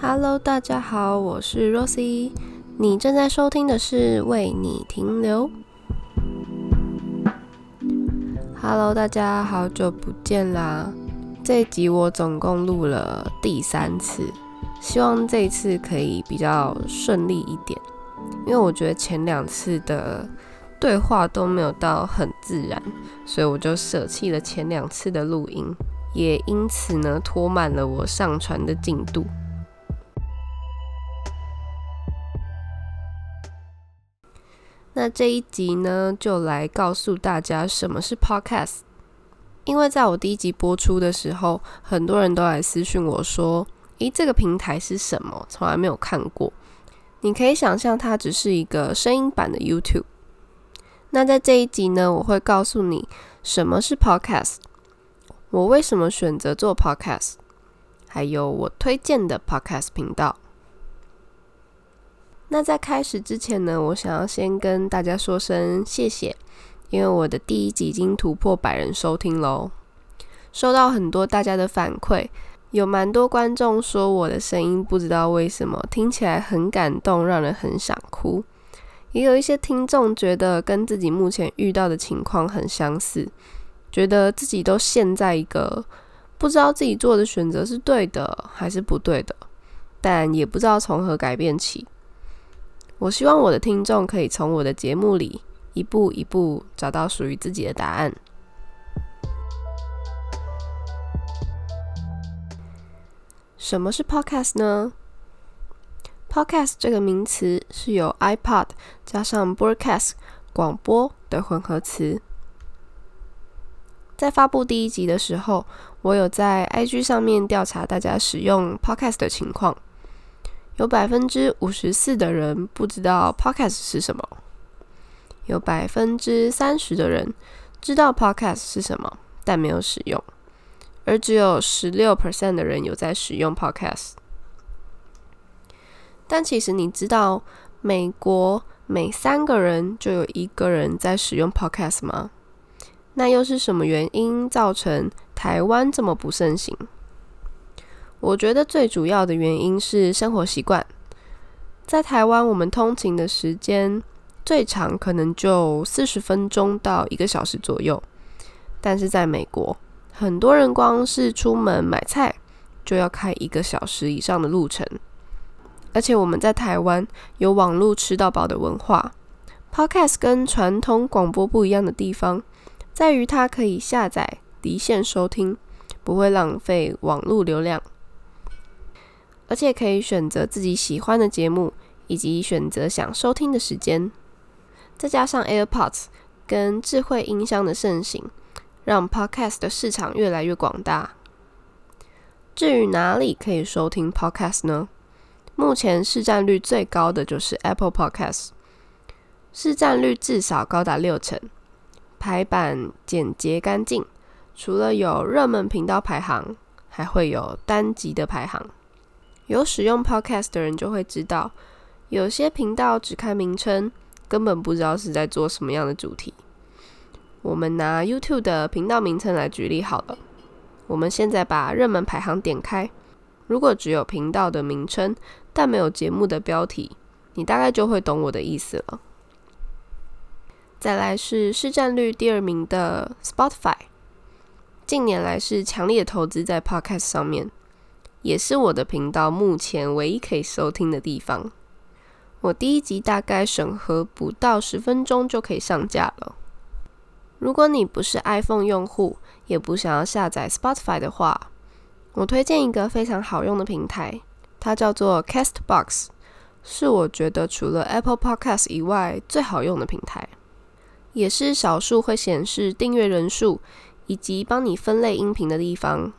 Hello，大家好，我是 Rosie，你正在收聽的是為你停留。Hello，大家好，好久不見啦！這集我總共錄了第三次，希望這次可以比較順利一點，因為我覺得前兩次的對話都沒有到很自然，所以我就捨棄了前兩次的錄音，也因此呢拖慢了我上傳的進度。那這一集呢，就來告訴大家什麼是 Podcast。因為在我第一集播出的時候，很多人都來私信我說：“咦，這個平台是什麼？從來沒有看過。”你可以想象，它只是一個聲音版的 YouTube。那在這一集呢，我會告訴你什麼是 podcast，我為什麼選擇做 podcast，還有我推薦的 podcast 頻道。那在開始之前呢，我想要先跟大家說聲謝謝，因為我的第一集已經突破百人收聽嘍，收到很多大家的反饋，有蠻多觀眾說我的聲音不知道為什麼，聽起來很感動，讓人很想哭。也有一些聽眾覺得跟自己目前遇到的情況很相似，覺得自己都陷在一個不知道自己做的選擇是對的還是不對的，但也不知道從何改變起。我希望我的聽眾可以從我的節目裡一步一步找到屬於自己的答案。什麼是 Podcast 呢？Podcast 這個名詞是由 iPod 加上 broadcast（ 廣播）的混合詞。在發布第一集的時候，我有在 IG 上面調查大家使用 Podcast 的情況。有百分之五十四的人不知道 Podcast 是什麼，有百分之三十的人知道 Podcast 是什麼，但沒有使用，而只有十六 percent 的人有在使用 Podcast。但其實你知道，美國每三個人就有一個人在使用 Podcast 嗎？那又是什麼原因造成台灣這麼不盛行？我覺得最主要的原因是生活習慣。在台灣，我們通勤的時間最長可能就四十分鐘到一個小時左右，但是在美國，很多人光是出門買菜就要開一個小時以上的路程。而且我們在台灣有網絡吃到飽的文化。Podcast 跟傳統廣播不一樣的地方，在於它可以下載、離線收聽，不會浪費網絡流量，而且可以選擇自己喜歡的節目，以及選擇想收聽的時間。再加上 AirPods 跟智慧音箱的盛行，讓 Podcast 的市場越來越廣大。至於哪裡可以收聽 Podcast 呢？目前市佔率最高的就是 Apple Podcast，市佔率至少高達六成。排版簡潔乾淨，除了有熱門頻道排行，還會有單集的排行。有使用 Podcast 的人就會知道，有些頻道只看名稱，根本不知道是在做什麼樣的主題。我們拿 YouTube 的頻道名稱來舉例好了。我們現在把熱門排行點開，如果只有頻道的名稱，但沒有節目的標題，你大概就會懂我的意思了。再來是市占率第二名的 Spotify，近年來是強烈的投資在 Podcast 上面，也是我的頻道目前唯一可以收聽的地方。我第一集大概審核不到十分鐘就可以上架了。如果你不是 iPhone 用戶，也不想要下載 Spotify 的話，我推薦一個非常好用的平台。它叫做 Castbox，是我覺得除了 Apple Podcast 以外最好用的平台，也是少數會顯示訂閱人數以及幫你分類音頻的地方。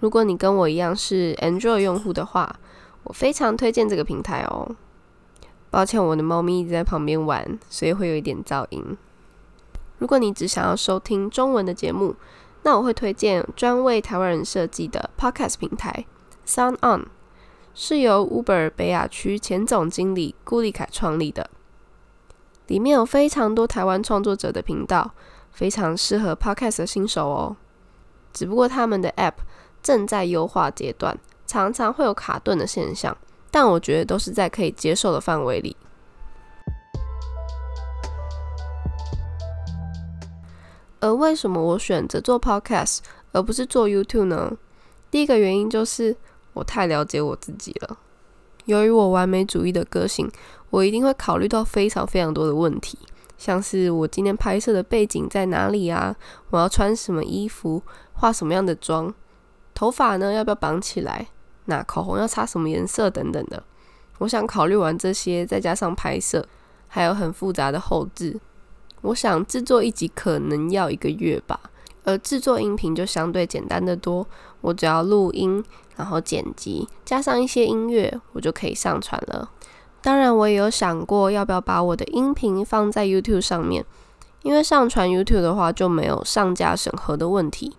如果你跟我一樣是 Android 用戶的話，我非常推薦這個平台哦。抱歉，我的貓咪一直在旁邊玩，所以會有一點噪音。如果你只想要收聽中文的節目，那我會推薦專為台灣人設計的 Podcast 平台 Sound On。是由 Uber 北亞區前總經理顧立凱創立的，裡面有非常多台灣創作者的頻道，非常適合 Podcast 的新手哦。只不過他們的 App 正在優化階段，常常會有卡頓的現象，但我覺得都是在可以接受的範圍裡。而為什麼我選擇做 Podcast 而不是做 YouTube 呢？第一個原因就是。我太了解我自己了。由於我完美主義的個性，我一定會考慮到非常非常多的問題，像是我今天拍攝的背景在哪裡啊？我要穿什麼衣服，化什麼樣的妝？頭髮呢，要不要綁起來？那口紅要擦什麼顏色等等的。我想考慮完這些，再加上拍攝，還有很複雜的後製，我想製作一集可能要一個月吧。而製作音頻就相對簡單得多，我只要錄音。然後剪輯加上一些音樂，我就可以上傳了。當然，我也有想過要不要把我的音頻放在 YouTube 上面，因為上傳 YouTube 的話就沒有上架審核的問題。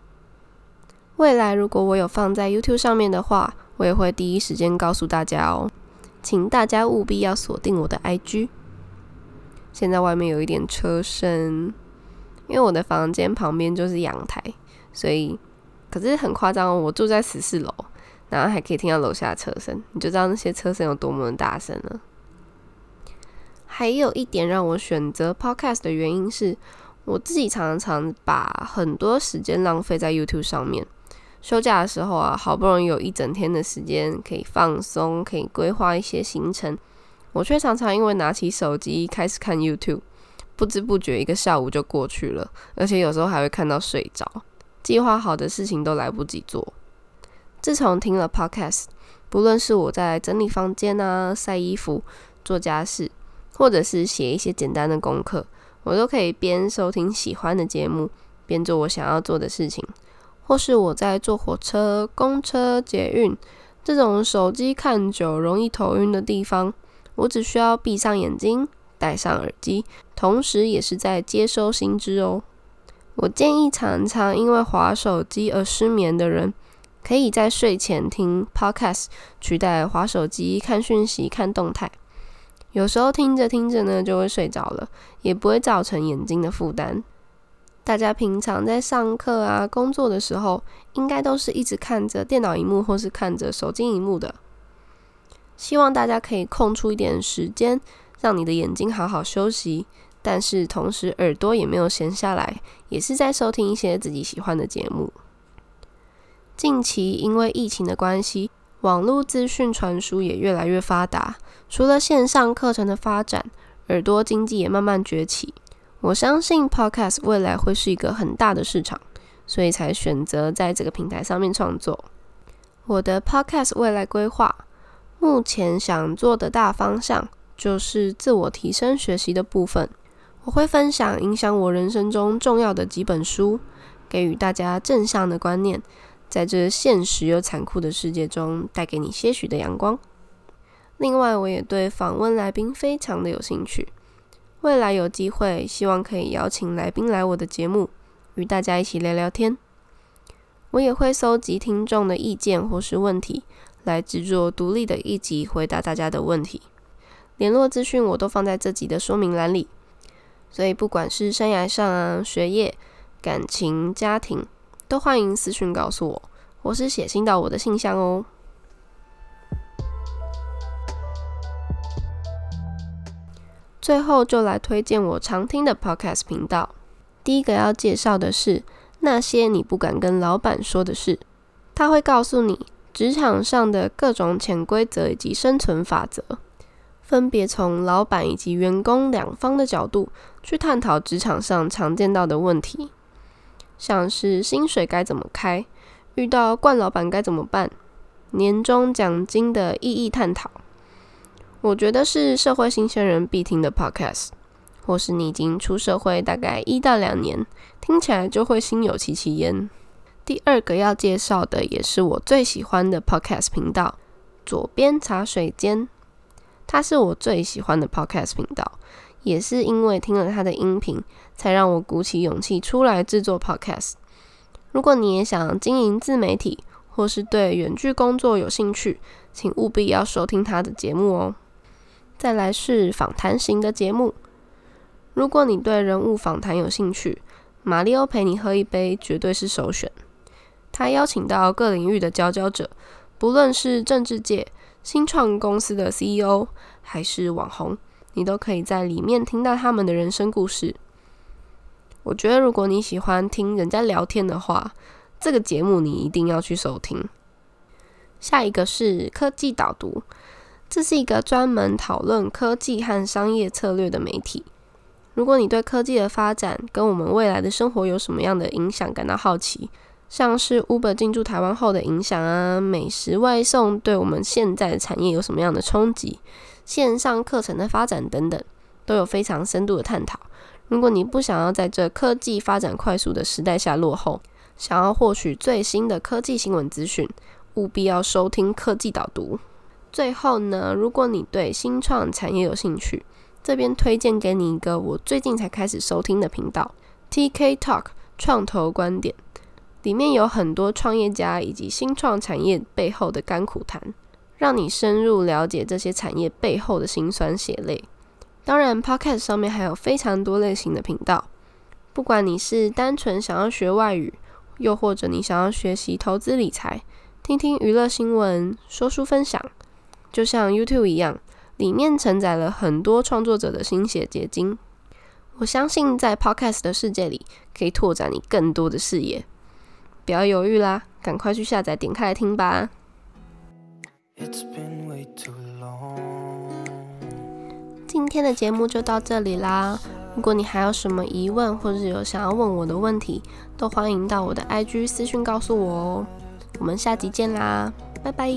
未來如果我有放在 YouTube 上面的話，我也會第一時間告訴大家哦，請大家務必要鎖定我的 IG。現在外面有一點車聲，因為我的房間旁邊就是陽台，所以，可是很誇張哦，我住在十四樓。然後還可以聽到樓下的車聲，你就知道那些車聲有多麼的大聲了。還有一點讓我選擇 Podcast 的原因是，我自己常常把很多時間浪費在 YouTube 上面。休假的時候啊，好不容易有一整天的時間可以放鬆，可以規劃一些行程，我卻常常因為拿起手機開始看 YouTube，不知不覺一個下午就過去了，而且有時候還會看到睡着，計劃好的事情都來不及做。自從聽了 Podcast，不論是我在整理房間啊、曬衣服、做家事，或者是寫一些簡單的功課，我都可以邊收聽喜歡的節目，邊做我想要做的事情。或是我在坐火車、公車、捷運這種手機看久容易頭暈的地方，我只需要閉上眼睛，戴上耳機，同時也是在接收新知哦。我建議常常因為滑手機而失眠的人。可以在睡前聽 Podcast，取代滑手機、看訊息、看動態。有時候聽着聽着呢，就會睡着了，也不會造成眼睛的負擔。大家平常在上課啊、工作的時候，應該都是一直看着電腦熒幕或是看着手機熒幕的。希望大家可以空出一點時間，讓你的眼睛好好休息，但是同時耳朵也沒有閒下來，也是在收聽一些自己喜歡的節目。近期因為疫情的關係，網絡資訊傳輸也越來越發達。除了線上課程的發展，耳朵經濟也慢慢崛起。我相信 Podcast 未來會是一個很大的市場，所以才選擇在這個平台上面創作。我的 Podcast 未來規劃，目前想做的大方向就是自我提升學習的部分。我會分享影響我人生中重要的幾本書，給予大家正向的觀念。在這現實又殘酷的世界中，帶給你些許的陽光。另外，我也對訪問來賓非常的有興趣。未來有機會，希望可以邀請來賓來我的節目，與大家一起聊聊天。我也會搜集聽眾的意見或是問題，來製作獨立的一集，回答大家的問題。聯絡資訊我都放在自己的說明欄裡。所以，不管是生涯上啊、學業、感情、家庭。都歡迎私訊告訴我，或是寫信到我的信箱哦。最後，就來推薦我常聽的 Podcast 頻道。第一個要介紹的是《那些你不敢跟老板說的事》，他會告訴你職場上的各種潛規則以及生存法則，分別從老板以及員工兩方的角度去探討職場上常見到的問題。像是薪水該怎麼開，遇到慣老闆該怎麼辦，年終獎金的意義探討，我覺得是社會新鮮人必聽的 podcast，或是你已經出社會大概一到兩年，聽起來就會心有戚戚焉。第二個要介紹的也是我最喜歡的 podcast 頻道，佐編茶水間，它是我最喜歡的 podcast 頻道。也是因為聽了他的音頻，才讓我鼓起勇氣出來制作 Podcast。如果你也想經營自媒體，或是對遠距工作有興趣，請務必要收聽他的節目哦。再來是訪談型的節目，如果你對人物訪談有興趣，《馬力歐陪你喝一杯》絕對是首選。他邀請到各領域的佼佼者，不論是政治界、新創公司的 CEO，還是網紅。你都可以在裡面聽到他們的人生故事。我覺得，如果你喜歡聽人家聊天的話，這個節目你一定要去收聽。下一個是科技島讀，這是一個專門討論科技和商業策略的媒體。如果你對科技的發展跟我們未來的生活有什麼樣的影響感到好奇，像是 Uber 進駐台灣後的影響啊，美食外送對我們現在的產業有什麼樣的衝擊？線上課程的發展等等，都有非常深度的探討。如果你不想要在這科技發展快速的時代下落後，想要獲取最新的科技新聞資訊，務必要收聽科技島讀。最後呢，如果你對新創產業有興趣，這邊推薦給你一個我最近才開始收聽的頻道 TK Talk 創投觀點。裡面有很多創業家以及新創產業背後的甘苦談，讓你深入了解這些產業背後的辛酸血淚。當然，Podcast 上面還有非常多類型的頻道，不管你是單純想要學外語，又或者你想要學習投資理財，聽聽娛樂新聞、說書分享，就像 YouTube 一樣，裡面承載了很多創作者的心血結晶。我相信，在 Podcast 的世界裡，可以拓展你更多的視野。不要猶豫啦，趕快去下載，點開來聽吧。It's been way too long, 今天的節目就到這裡啦，如果你還有什麼疑問或者有想要問我的問題，都歡迎到我的 IG 私訊告訴我哦。我們下集見啦，拜拜。